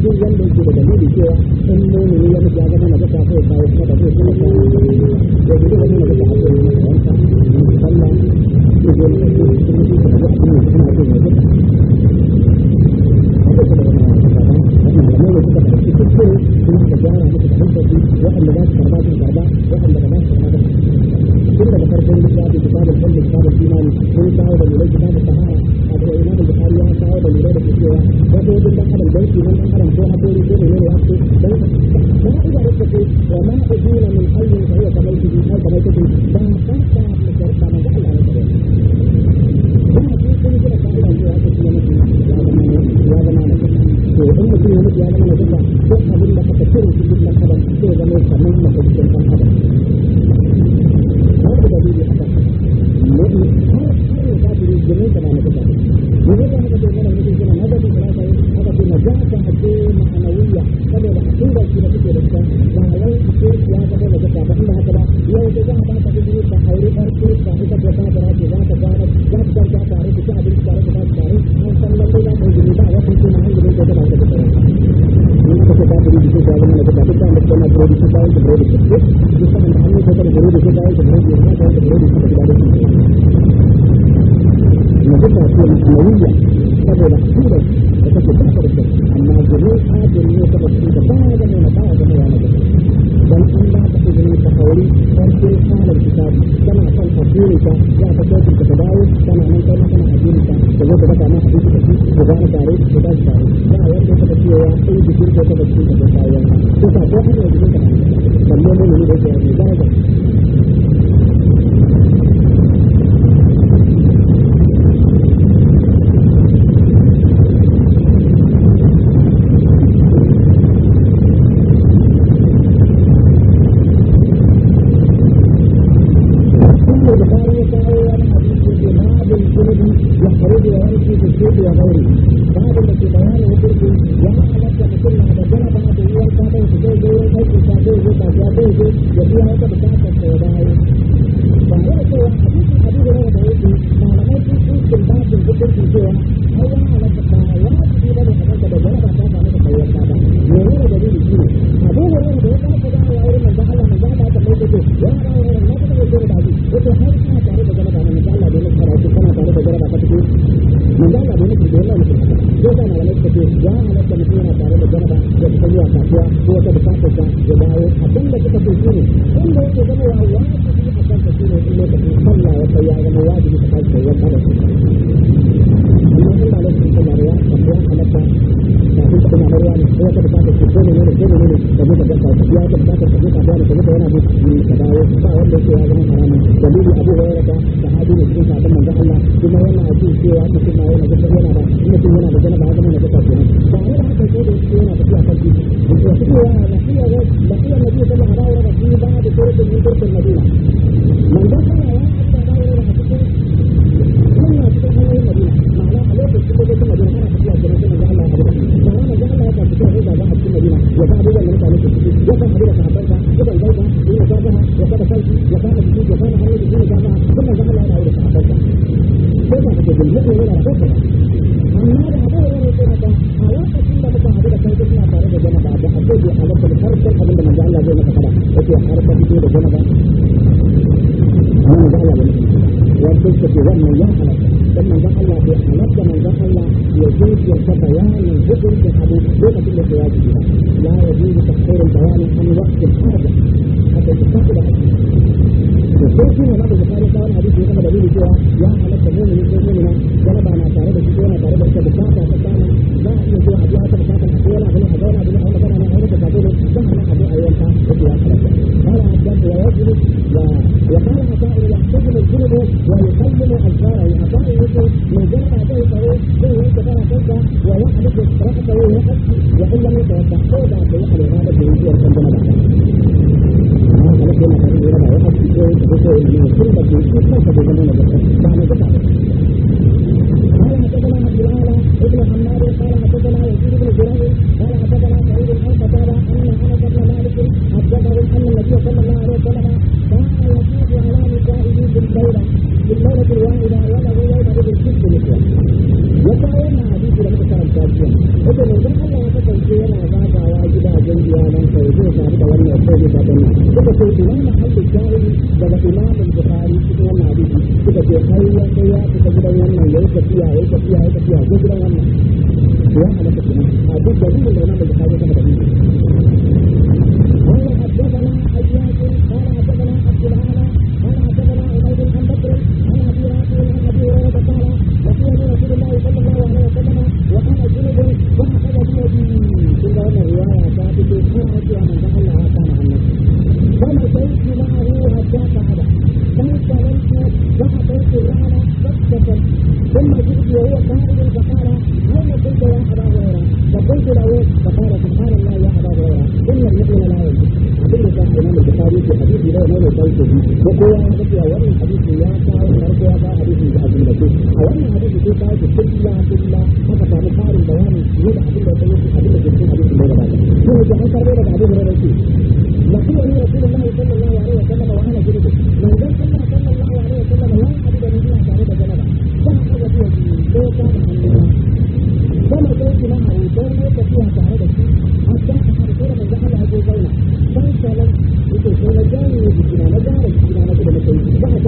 duk wanda yake da dalili cewa in mumini ne mutu ya zama na kai kawo kuma da kai kuma kawo da kai da wani na kai ne da wanta ne sallah ko da ne ko kuma da abu ne kuma da ne Thank you. da imam bukhari ya kawo da lura da cewa wato wajen dan adam dan kiman adam ko hakuri ko menene ya ce dan dan da rake ce ma min ayyi ko ta bacci ka ko ta ko wannan ya halatta dan manzon Allah bai halatta manzon Allah ya zuciya ta bayanin hukuncin abu lokacin da ya ji ba la yajuzu tafsirul bayani an a hada haka ta da to ko shi ne wanda bukari ta wani hadisi ya dalili cewa ya halatta mu'mini ko mu'mina galaba na tare da shi ko yana tare da ita bukata ta kama za a iya zuwa a biya ta bukata ko yana abin a zauna abin a wani magana na aure da kafin zan hana abin a yanka ko ya halatta قال عبد الله يجلس وقال عطاء يحتجم الجنب ويسلم أجزاره عطاء يقول من جرى هذه الطريق له أنت ya تبدا ويحدث رقبته ويحدث وإن لم يتوسع فوضع في يحل هذا الجنوب والجنب بعد. هذا لكن هذا يحدث وشيء من السنة ليس بزمان بعد قطعة قال حدثنا عبد الأعلى ابن حماد قال ya kawo hadisi da muka karanta jiya yake manzon Allah ya kasance yana zagawa gidajen iyalan sa ya zai da wannan ko zai da wannan suka ce shi wannan hadisi jahili daga Imam Bukhari cikin wannan hadisi suka ce kai ya kai ya ta gidan wannan ya yi tafiya ya yi tafiya ya yi tafiya gidan wannan ya halaka a duk da wannan da wannan Bukhari kuma da wannan البيت معه هداك على فانسلمت وحضرت الرحل فاختفت ثم جئت وهو قائل فقال هل كنت يا ابا هريره فقلت له ko ya ga cewa wannan hadisi ya kawo farko ya kawo hadisi da abin da ke a wannan hadisi sai kawo shi kulla kulla haka samu karin bayani ne da abin da ke abin da ke cikin hadisi da gaba ko ya an karbo daga abin da ke na kuma ni rasulullahi sallallahu alaihi wa sallam wa ana jirgin abin dan Allah sallallahu alaihi wa sallam ya hadu da ni tare da jama'a ba ka ga ko ko ka hannu ba ma sai kina abin dan ne tafiya tare da shi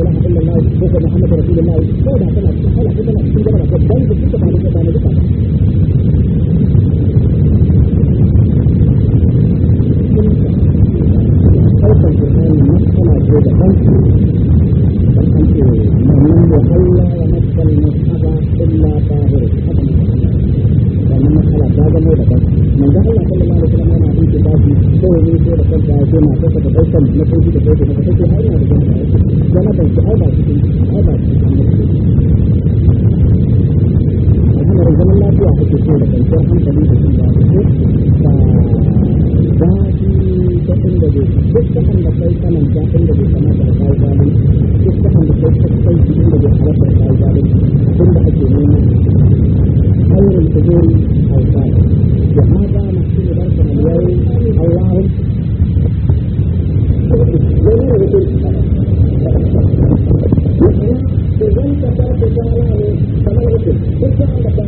اله الا الله وكان محمد رسول الله ko da tana cikin ana cikin jama'a babban da suka ba da mutane duka سجون أو سائر وهذا مقصود درسنا اليوم اللهم جميع وجود وإذا تزنت ترك كلامي فما الوجود كنت عندك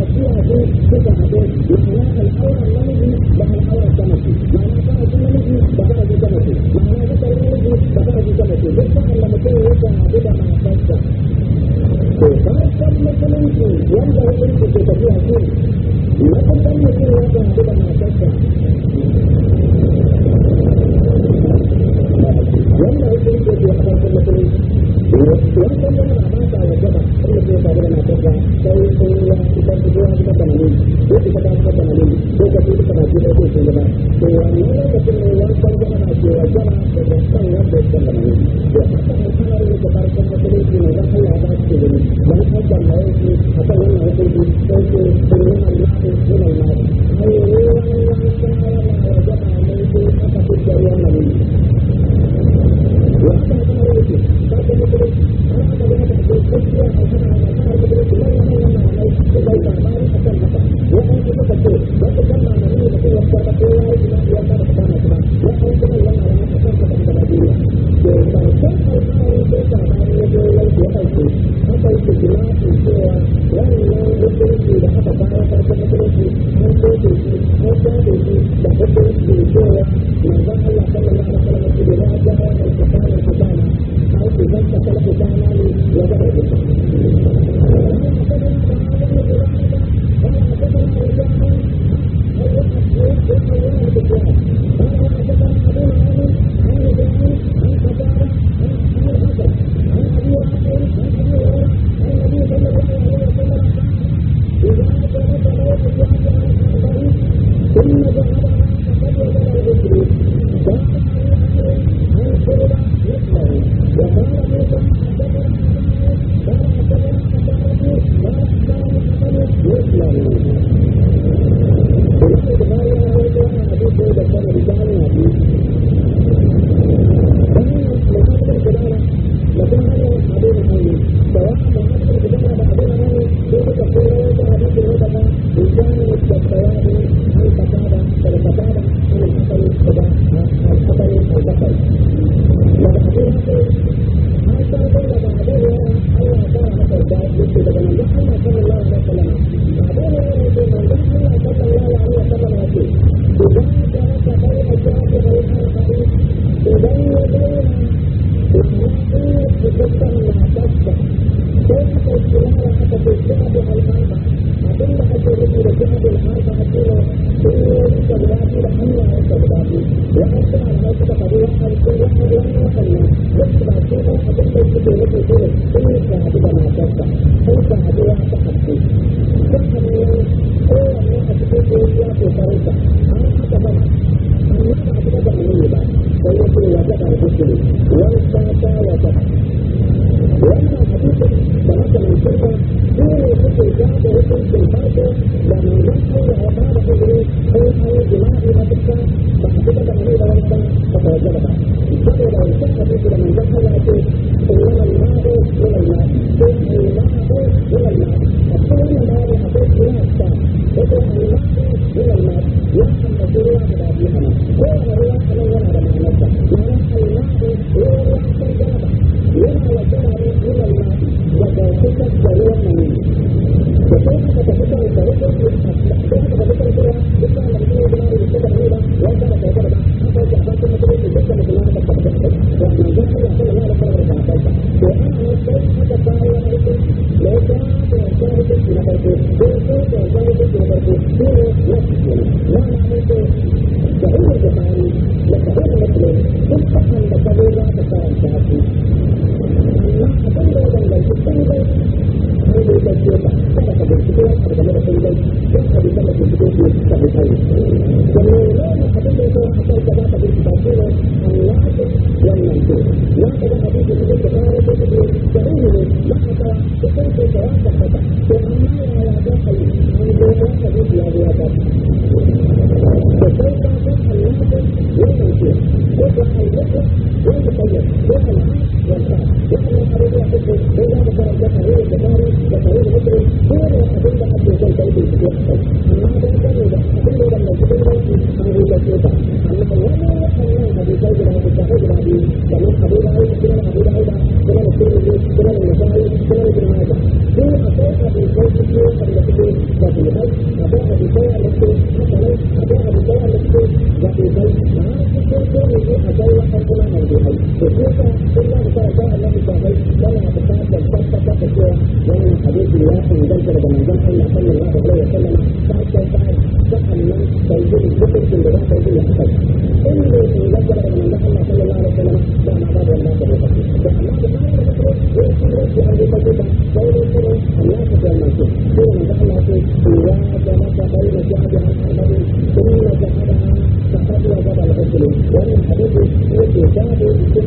ඒක දෙයක් නෙවෙයි.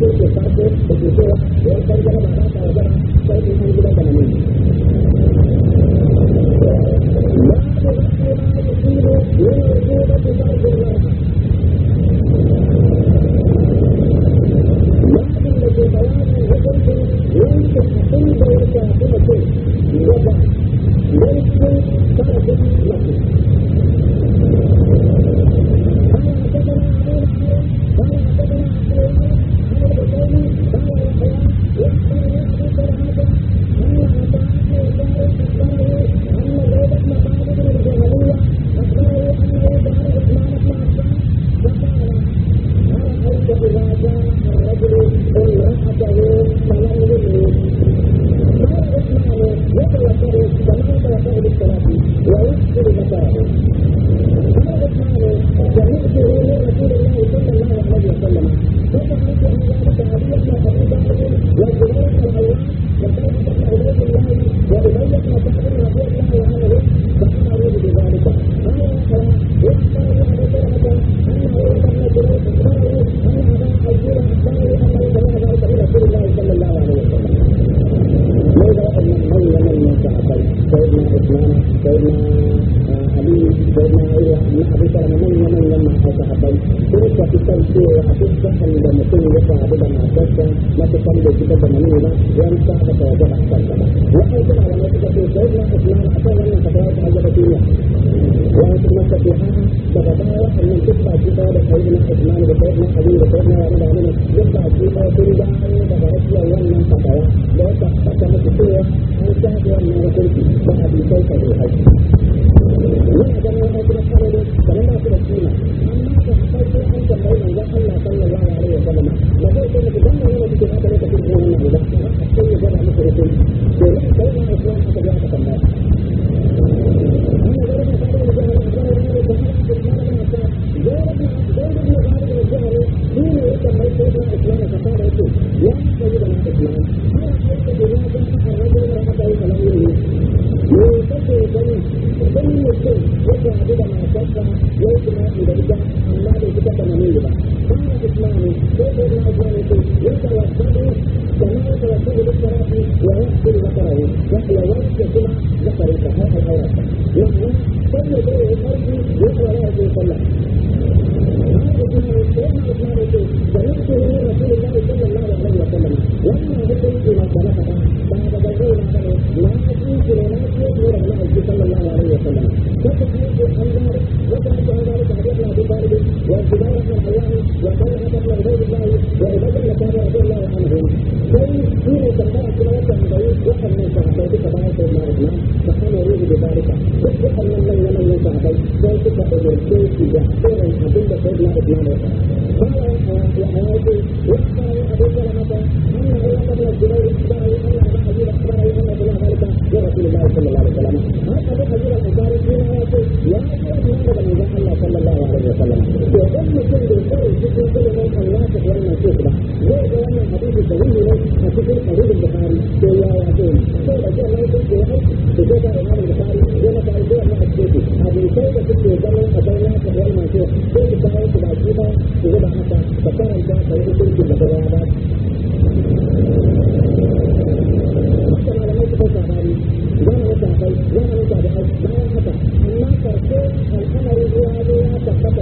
que se está haciendo, porque usted va a ver que hay que levantar para allá, para que se pueda levantar para allá.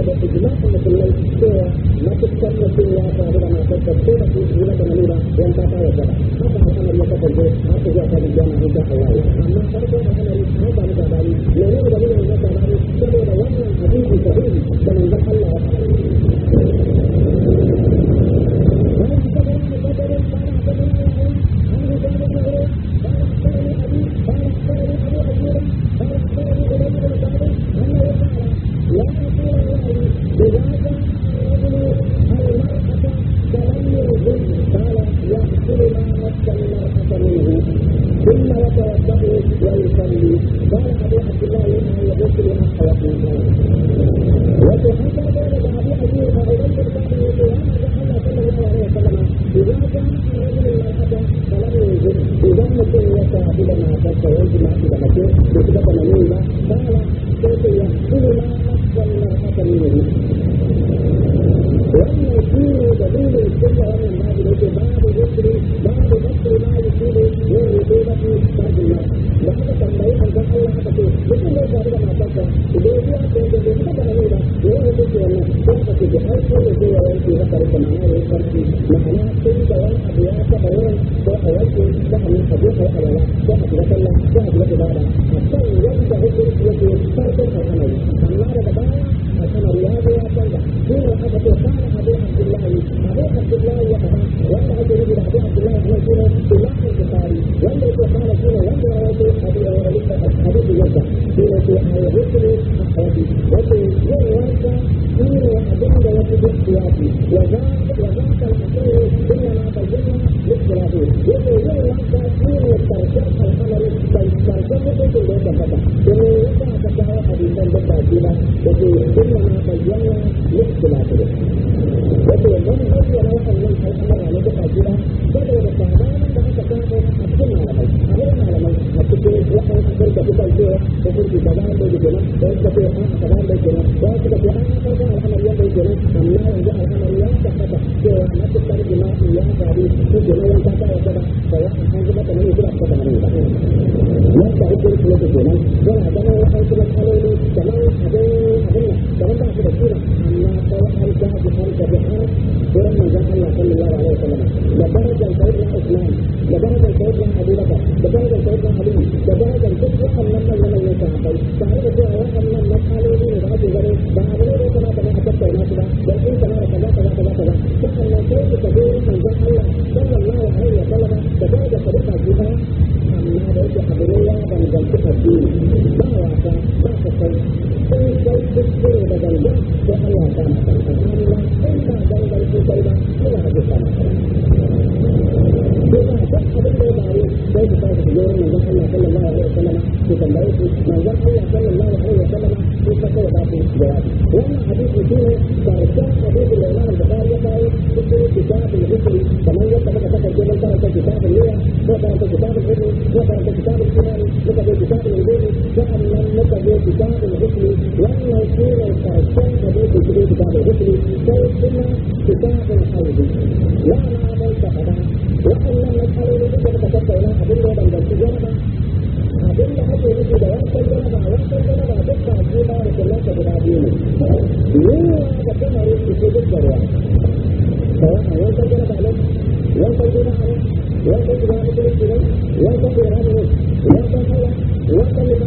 pada sejumlah teman-teman saya masukkan mesinnya pada masyarakat ke pola kisah dan menurut yang tak tahu apa akan mereka terbuat masih akan dijalankan oleh anak-anak kafina da ke kuma na bayyana lokacin lafiya. na da kafina saboda da tsada da aka kawo a cikin malamai. A yau malamai a cikin wannan da kuka zuwa da kuka ke da gina da ya kafe da gina da ya kafe a kan kan al'amari yadda ya gina amma yanzu al'amari ya ta kafa ke wa na kusan gina ya gari ko gina ya ta kawo gaba da ya kan zama kamar yadda ya kafa kamar yadda. Wannan kafin da kuka zuwa da kuka كمان حاجات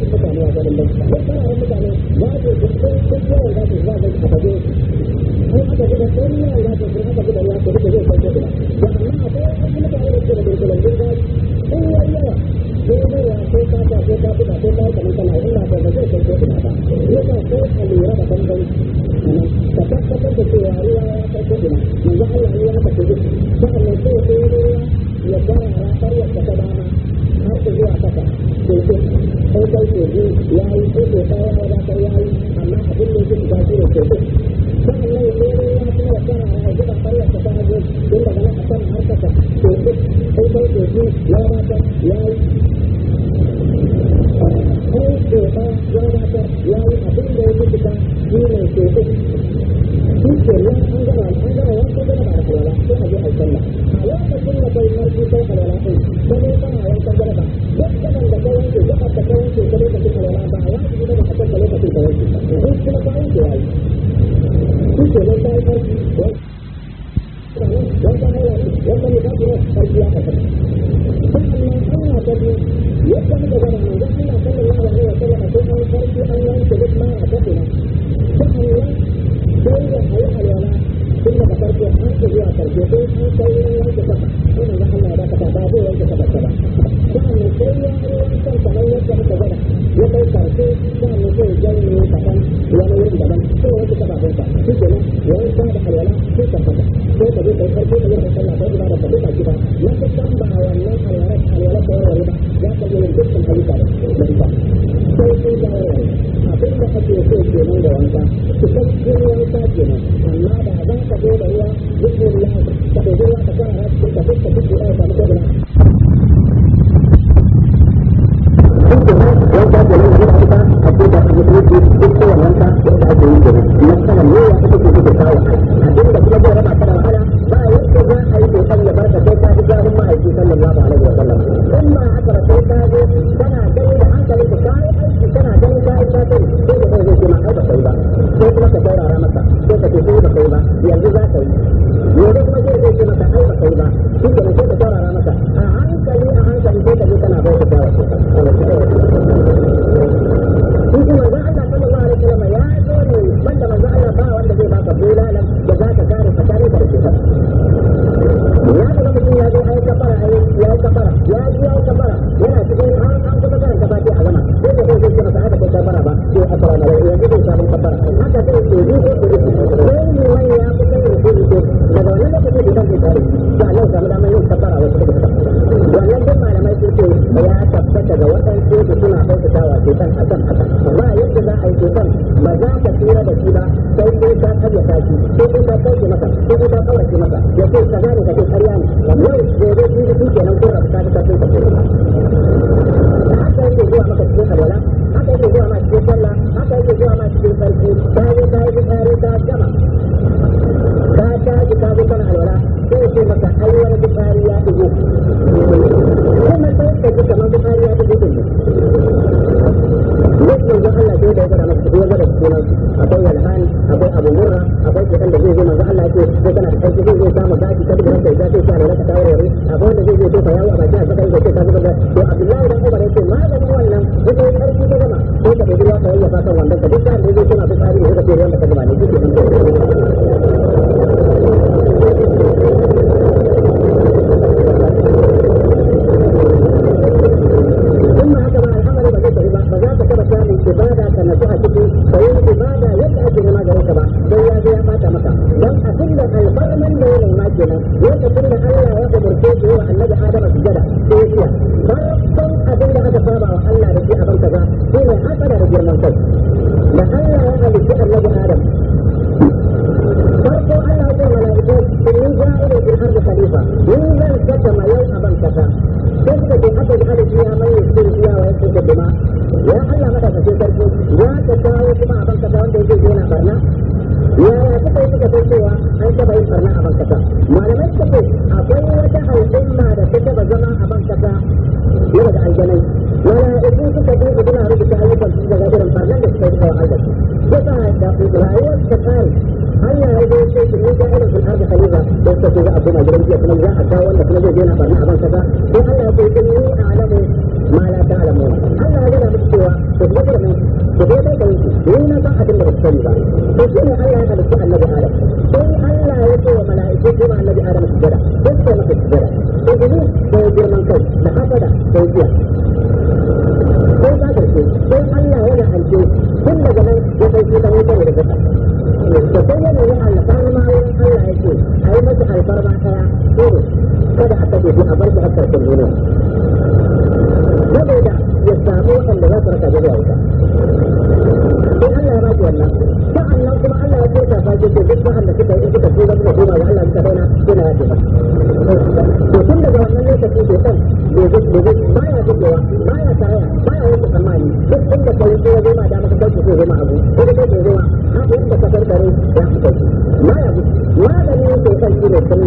wasu mutane a garin nan wasu mutane ba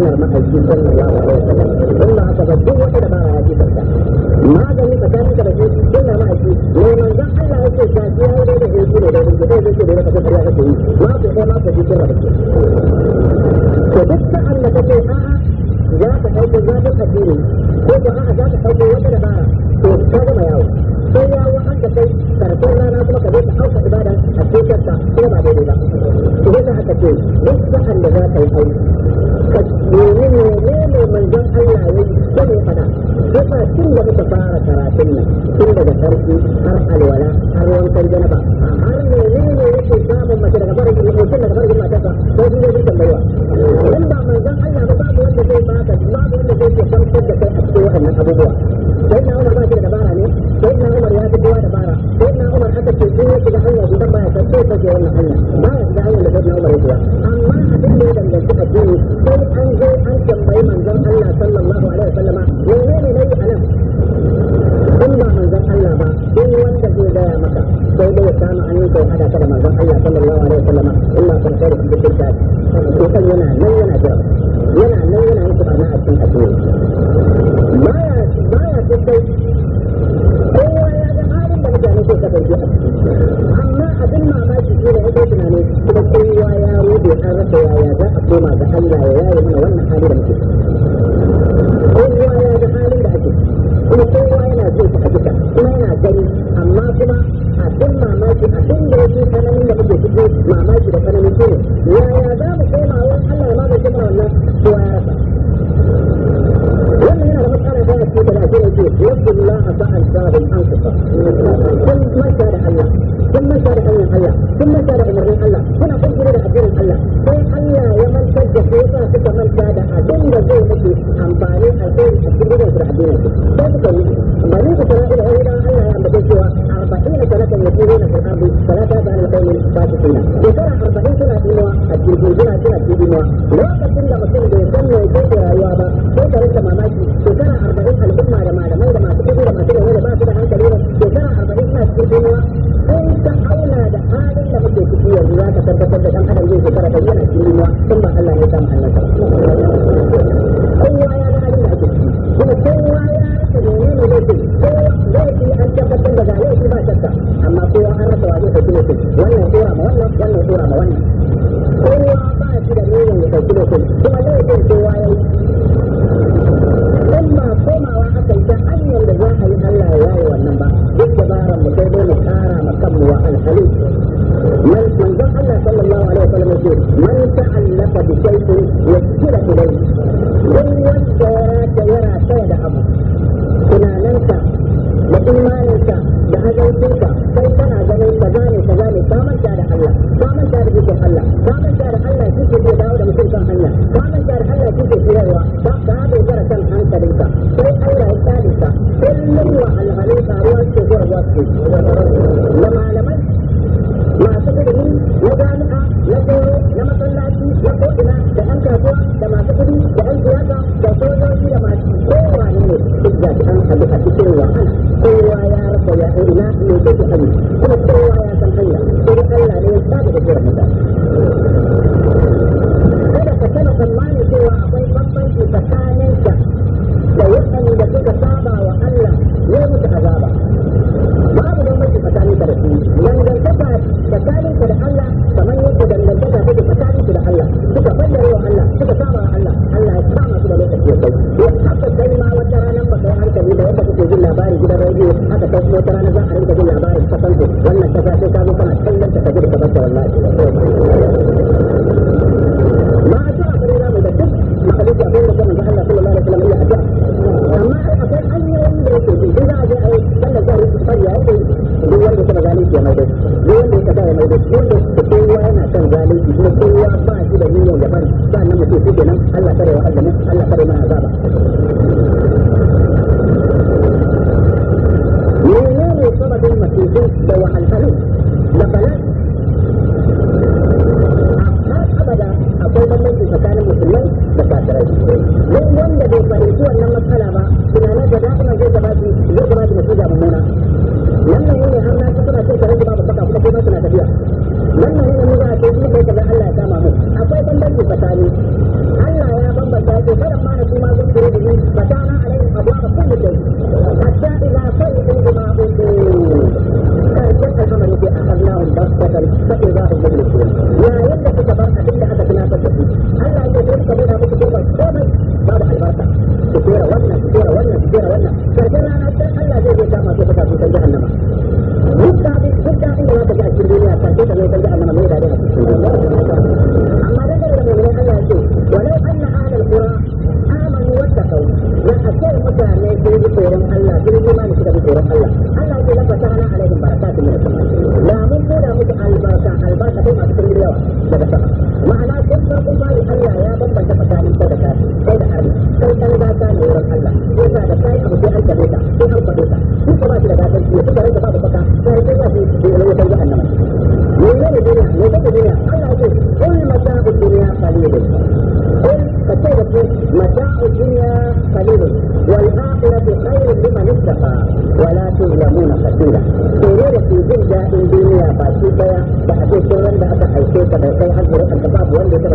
sunnar mahaifi sallallahu alaihi wasallam ba haka duk wata dabara ya ce kanka magani tsakaninka da shi ne Allah ya ce shafi ya yi da yanzu ne da yanzu zai zai ce da yanzu kariya kake yi ma ku kai ma ku ji sunnar kake to duk sa'an da kake a'a za ka ko ko a'a za ka wata para Allah sai Allah ya mantar da su yasa suka manta da abin da zai muke amfani a kai a cikin da sai suka yi bani ya riga Allah ya ambata cewa arba'in da salatan ya tsoro na Qur'ani salata da alƙawmi ba su arba'in suna a cikin suna lokacin da mutum da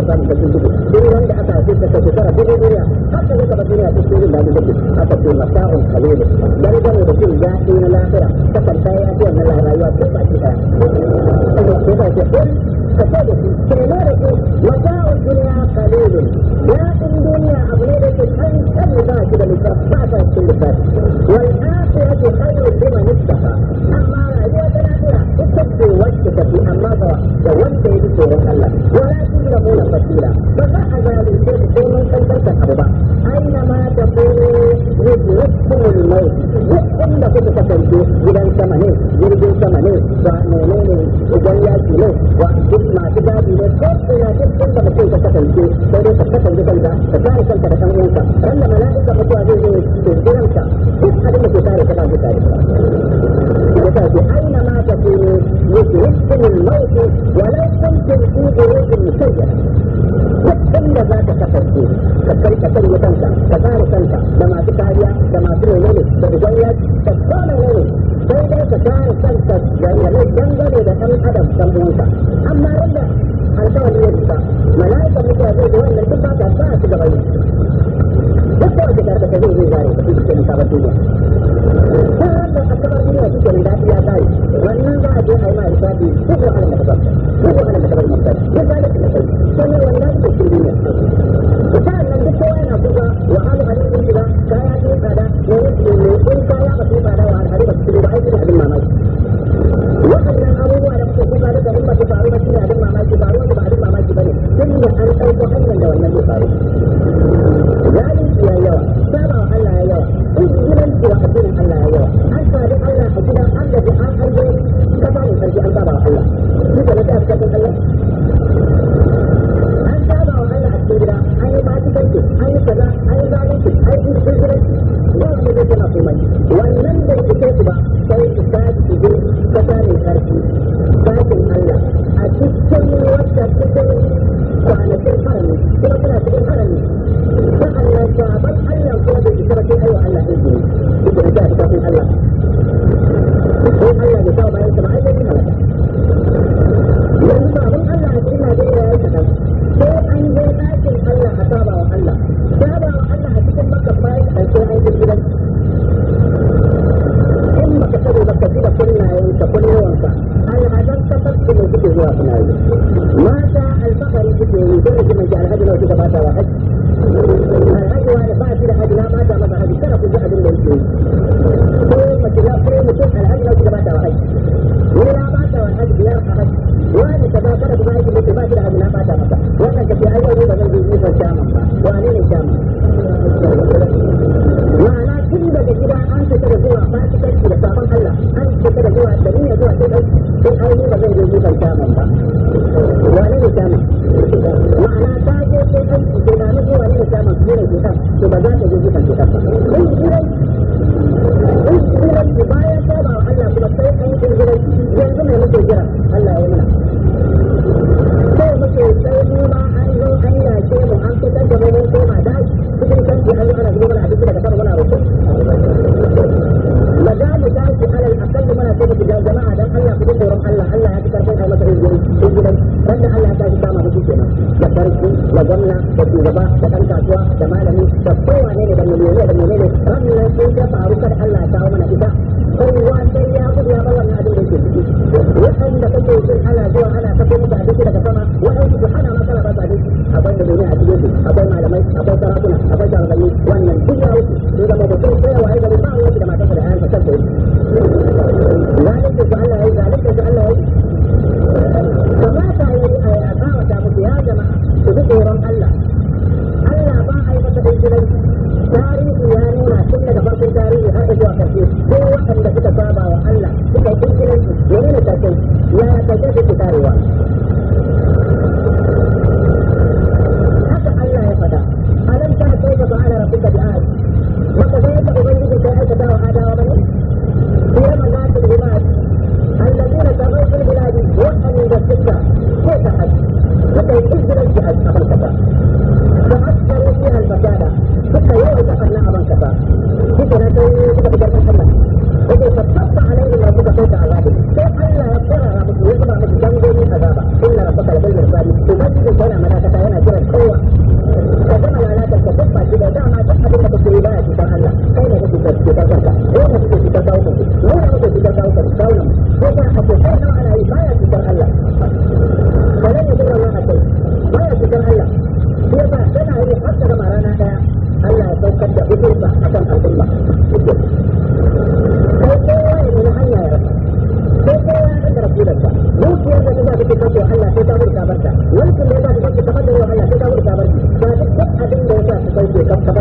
ka samu ka cikin duk wanda aka haife ka shekara dubu duniya har ka zaka duniya ta cikin da dubu aka ce masa'un kalilu dan gane da cin zaɓi na lahira ta kanta ya ce wannan rayuwa ko ba ki daya ko ba ki daya ka ce da shi kirma da shi masa'un duniya kalilu daɗin duniya abu ne da ke kan kan ba shi da lissafi ba ta cikin lissafi wal akhiratu khairun liman ittaqa amma rayuwa ta lahira ita ce wacce ta fi amma ba da wanda ya ji tsoron Allah Gracias.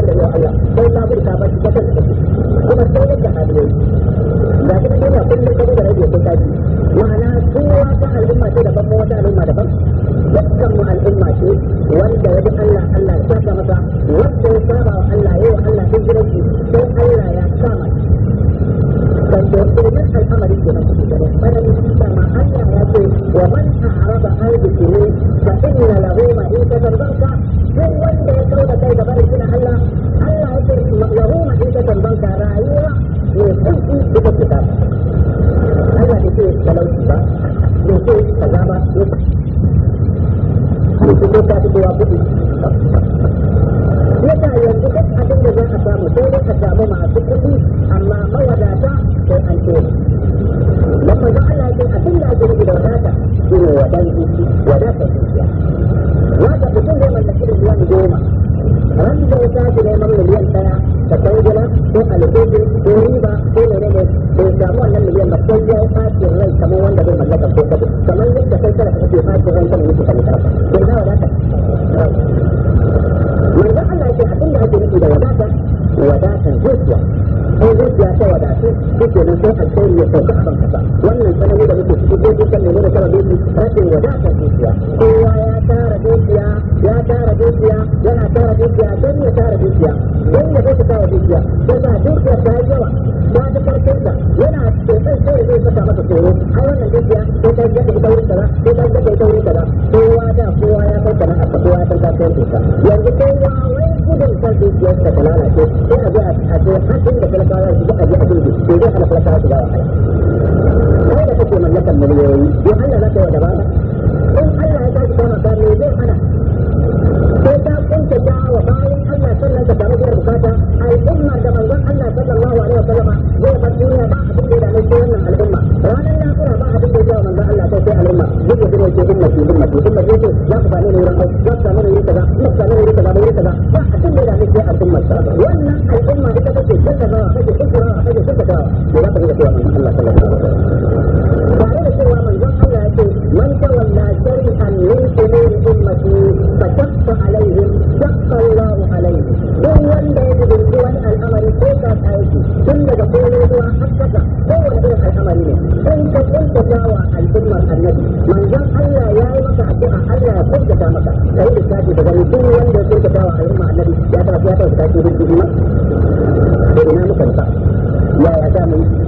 da ya Allah sai ka burka ba shi kafin kuma sai yadda hadiyoyi ga ita ce ba kullum ka da rage sun tashi ma'ana kowa ta al'umma ce daban mu wata al'umma daban dukkan mu al'umma ce wanda ya bi Allah Allah ya saka masa wanda ya saba wa Allah ya wa Allah hijiranci sai Allah ya kama kan da kuma al'amari ke nan cikin Amen.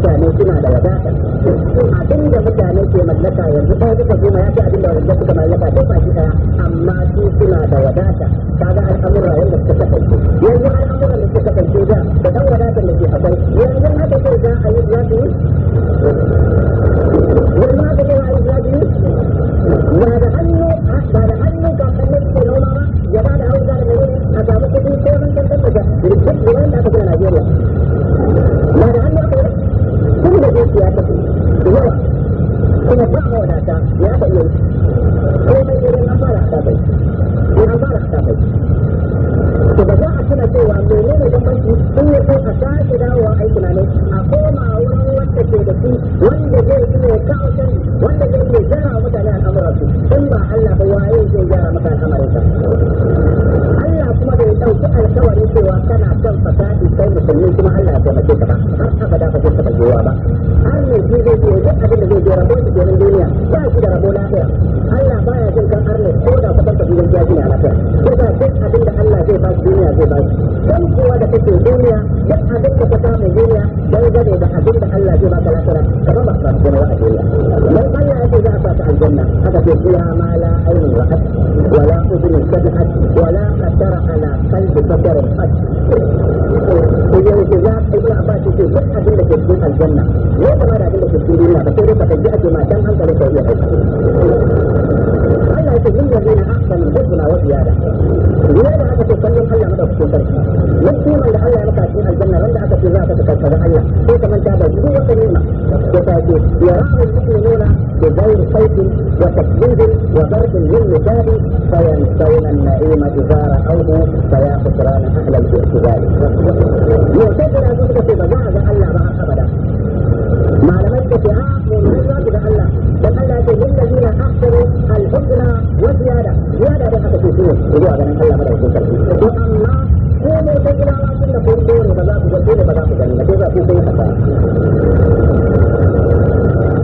mutane suna da wadata abin da mutane ke mallaka الجنس وفرد للنساب فينسون النعيم إذا رأوه فيا خسران أهل الاعتزال يعتبر أبوك في أن لا رأى أبدا ما لم معلمات عام من الواجب أن مزاج بألا بألا تجد الذين أحسنوا الحسنى والزيادة زيادة بها تشوفون يقول أنا ألا بدا يشوف وأما كونوا تجد وأنتم تقولون بذاك تقولون بذاك تقولون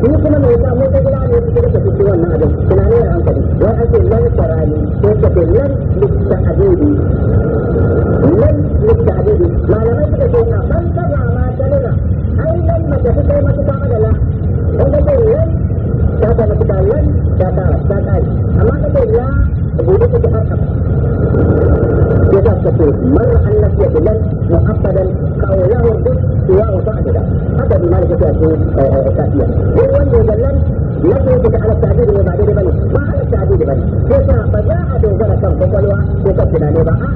بذاك تقولون وسلم للتحديد 对吧？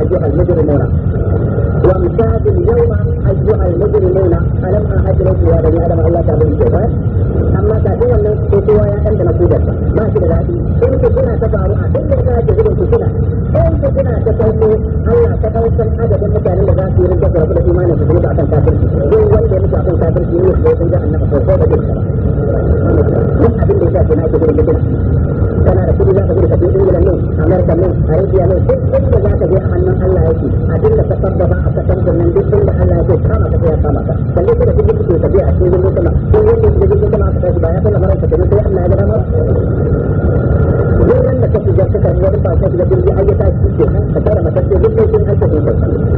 أيها المجرمون وامتاز اليوم أيها المجرمون ألم أعهد لكم يا بني آدم ألا تعبدوا الشيطان أما تعبدوا الناس كوكوا يا أنت نقود ما كده ذاتي إن كنا تفعلوا أحسن لك تجدوا كنا إن كنا تفعلوا ألا تفعلوا عدد المكان اللي ذاتي رجع رب الإيمان وتجدوا أحسن كافر دون وجه رجع أحسن كافر يخبروا جهنم فوق فوق جهنم duk abin da ya shafi na ake gudun kana da kudi za ka je ka je ingila nan amurka nan arabiya duk inda za ka je a hannun allah yake da a nan duk inda allah yake kama ka ya kama ka balle kuma duk duk ka je a cikin jirgin sama duk wanda ya jirgin sama aka tashi ba ya ka kenan sai allah ya ga dama duk wanda ka shiga ta kan wani ba ka shiga ayyuka ke ka tara matakke duk sai sun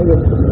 United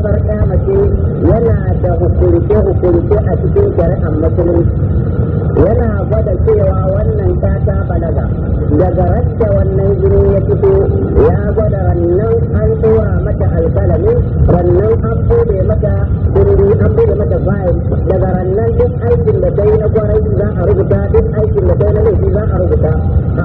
mahaifar mace yana da hukurce-hukurce a cikin shari'ar musulunci yana gwada cewa wannan ta ta balaga daga rasta wannan jini ya fito ya gwada rannan an tura mata alkalami wannan an bude mata kundi an bude mata bayan daga rannan duk aikin da ta yi na kwarai za a rubuta duk aikin da ta yi na laifi za a rubuta